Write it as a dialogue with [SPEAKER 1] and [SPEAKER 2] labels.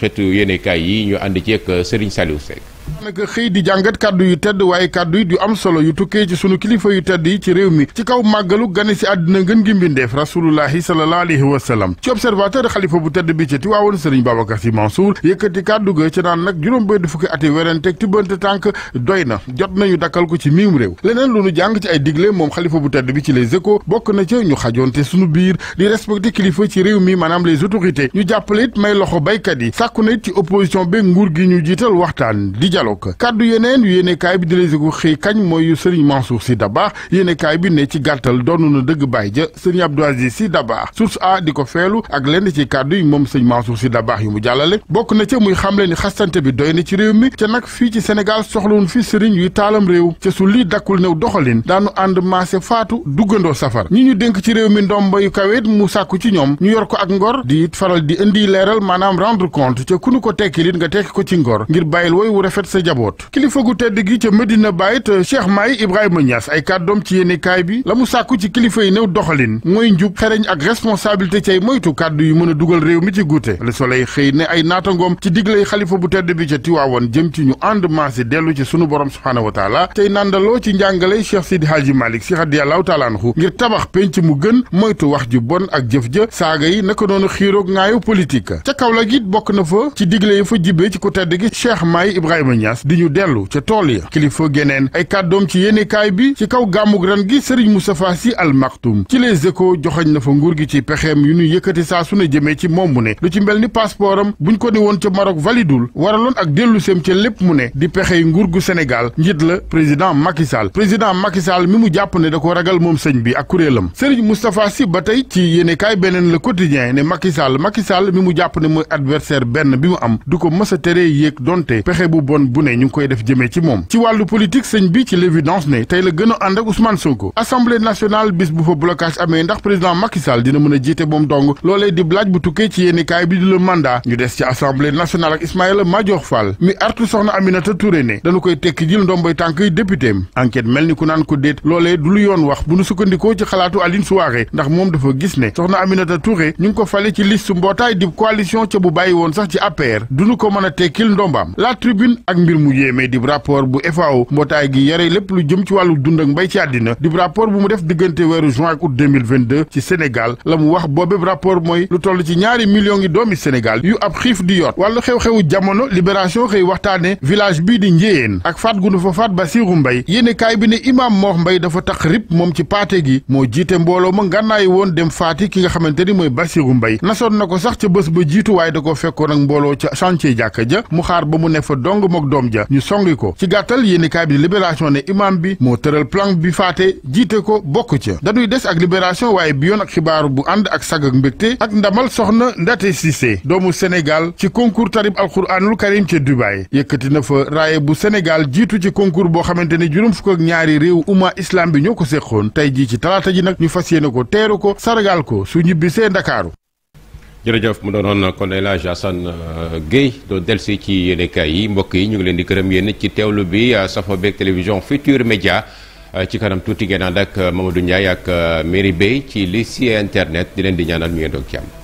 [SPEAKER 1] xeetu yéenekaay yi ñu ànd ci ak sali Saliou Seck.
[SPEAKER 2] daanaka xëy di jàngat kàddu yu tedd waaye kàddu it am solo yu tukkee ci sunu kilifa yu tedd yi ci réew mi ci kaw màggalu gane si àddina ngën gi mbindeef rasulullahi sallallahu alayhi wa sallam ci observateur xalifa bu tedd bi ci Tiwaawoon sëriñ Babacar Sy Mansour yëkkati kàddu ga ci naan nag juróom benn fukki ati weranteg tibbante tànk doy na jot nañu dakkal ko ci miim réew leneen lu nu jàng ci ay digle moom xalifa bu tedd bi ci les échos bokk na ca ñu xajoonte sunu biir di respecté kilifa ci réew mi maanaam les autorités ñu jàppale it may loxo baykat yi sàkku na it ci opposition beeg nguur gi ñu jiital waxtaan di dialogue Maroc kàddu yeneen yéenekaay bi di Les Échos xëy kañ mooy sëriñ Mansour Sy Dabakh yéenekaay bi ne ci gàttal doon na dëgg bàyyi ja sëriñ Abdou Aziz Sy Dabakh source a di ko feelu ak lenn ci kàddu yi moom sëriñ Mansour Sy Dabakh yu mu jàllale bokk na ca muy xamle ni xastante bi doy na ci réew mi ca nag fii ci Sénégal soxlawun fi sëriñ yuy taalam réew ca su lii dakkul new doxalin daanu ànd maase faatu duggandoo safar ñi ñu dénk ci réew mi ndomba yu kawe njaboot kilifa gu tedd gi ca Medina Baye te Cheikh Maay Ibrahima Niass ay kàddoom ci yéenekaay bi la mu sàkku ci kilifa yi new doxalin mooy njub xereñ ak responsabilité cay moytu kàddu yi mën a dugal réew mi ci guute Le Soleil xëy ne ay naata ngoom ci diglay xalifa bu tedd bi ca Tiwaawoon jëm ci ñu ànd maase dellu ci sunu borom subhaanahu wa taala tey nàndaloo ci njàngale Cheikh Sidi Hadji Malick Sy radiyallahu taala anhu ngir tabax penc mu gën moytu wax ju bon ak jëf ja saaga yi naka noonu xiiroog ngaayu politique ca kaw la bokk na fa ci digle yi fa ci ku tedd gi Ibrahima Niass di ñu dellu ca tool ya kilifa geneen ay kàddoom ci yéenekaay bi ci kaw gàmmug ren gi Serigne Moustapha Sy Al Maktoum ci Les Échos joxañ na fa nguur gi ci pexeem yu ñu yëkkati saa su ne jëmee ci moom mu ne lu ci mel ni passeport am buñ ko ni woon ca Maroc validul waraloon ak dellu seem ca lépp mu ne di pexey nguur gu Sénégal njiit la président Macky Sall président Macky Sall mi mu jàpp ne da ko ragal moom sëñ bi ak kuréelam sëriñ Moustapha Sy ba tey ci yéenekaay beneen Le Quotidien ne Macky Sall Macky Sall mi mu jàpp ne mooy adversaire bi mu am du ko mës a teree bu ne ñu ngi koy def jëmee ci moom ci wàllu politique sëñ bi ci l'évidence ne tey la gën a ànd ak Ousmane Sonko assemblée nationale bis bu fa blocage amee ndax président Macky dina mën a jiite moom dong loolee di laaj bu tukkee ci yéenikaay bi di la mandat ñu des ci assemblée nationale ak Ismaïla Madior Fall mi artu soxna Aminata Touré ne dañu koy tekki jël ndomboy tànk yi député am enquête mel ni ku naan ko déet loolee du lu yoon wax bu nu sukkandikoo ci xalaatu Aline Souaré ndax moom dafa gis ne soxna Aminata Touré ñu ngi ko fale ci liste mbootaay di coalition ca bu bàyyi woon sax a tekkil ndombaam la mbir mu yéeme di rapport bu FAO mbootaay gi yare lépp lu jëm ci wàllu dund ak mbay ci àddina di rapport bu mu def diggante weeru juin ak août ci Sénégal la mu wax boobéb rapport mooy lu toll ci ñaari millions ngi doomi Sénégal yu ab xiif di yor wàllu xew-xewu jamono libération xëy waxtaane village bii di Njéyeen ak faat gu fa faat Basiiru Mbay yéene kaay bi ne imaam Moox Mbay dafa tax rip moom ci paate gi moo jiite mbooloo ma ngànnaayi woon dem ki nga xamante ni mooy Basiiru Mbay nasoon na ko sax ca bés ba jiitu waaye da ko fekkoon ak mbooloo ca fa doom ja ñu songi ko ci gàttal yéenekaay bi di libération ne imam bi moo tëral plan bi faate jiite ko bokk ca dañuy des ak libération waaye bi yoon ak xibaaru bu ànd ak sag ak mbégte ak ndamal soxna Ndaté Cissé doomu Sénégal ci concours tarib alquranul karim ca Dubaï yëkkati na fa raaye bu Sénégal jiitu ci concours boo xamante ne juróom fukk ak ñaari réew umma islam bi ñoo ko séqoon tey jii ci talaata ji nag ñu fas yéene ko teeru ko sargal ko su ñibbisee Ndakaaru
[SPEAKER 1] jërëjëf mu doonoon kon El Hadj Assane euh, Guèye doo delsi ci yéenekaay yi mbokk yi ñu ngi leen di gërëm yéen ci teewlu bi euh, safo beeg télévision Futur Média euh, ci kanam tuuti ngeen ànd ak Mamadou Ndiaye ak Mary Bey ci li si internet di leen di ñaanal ñu ngi doog ci am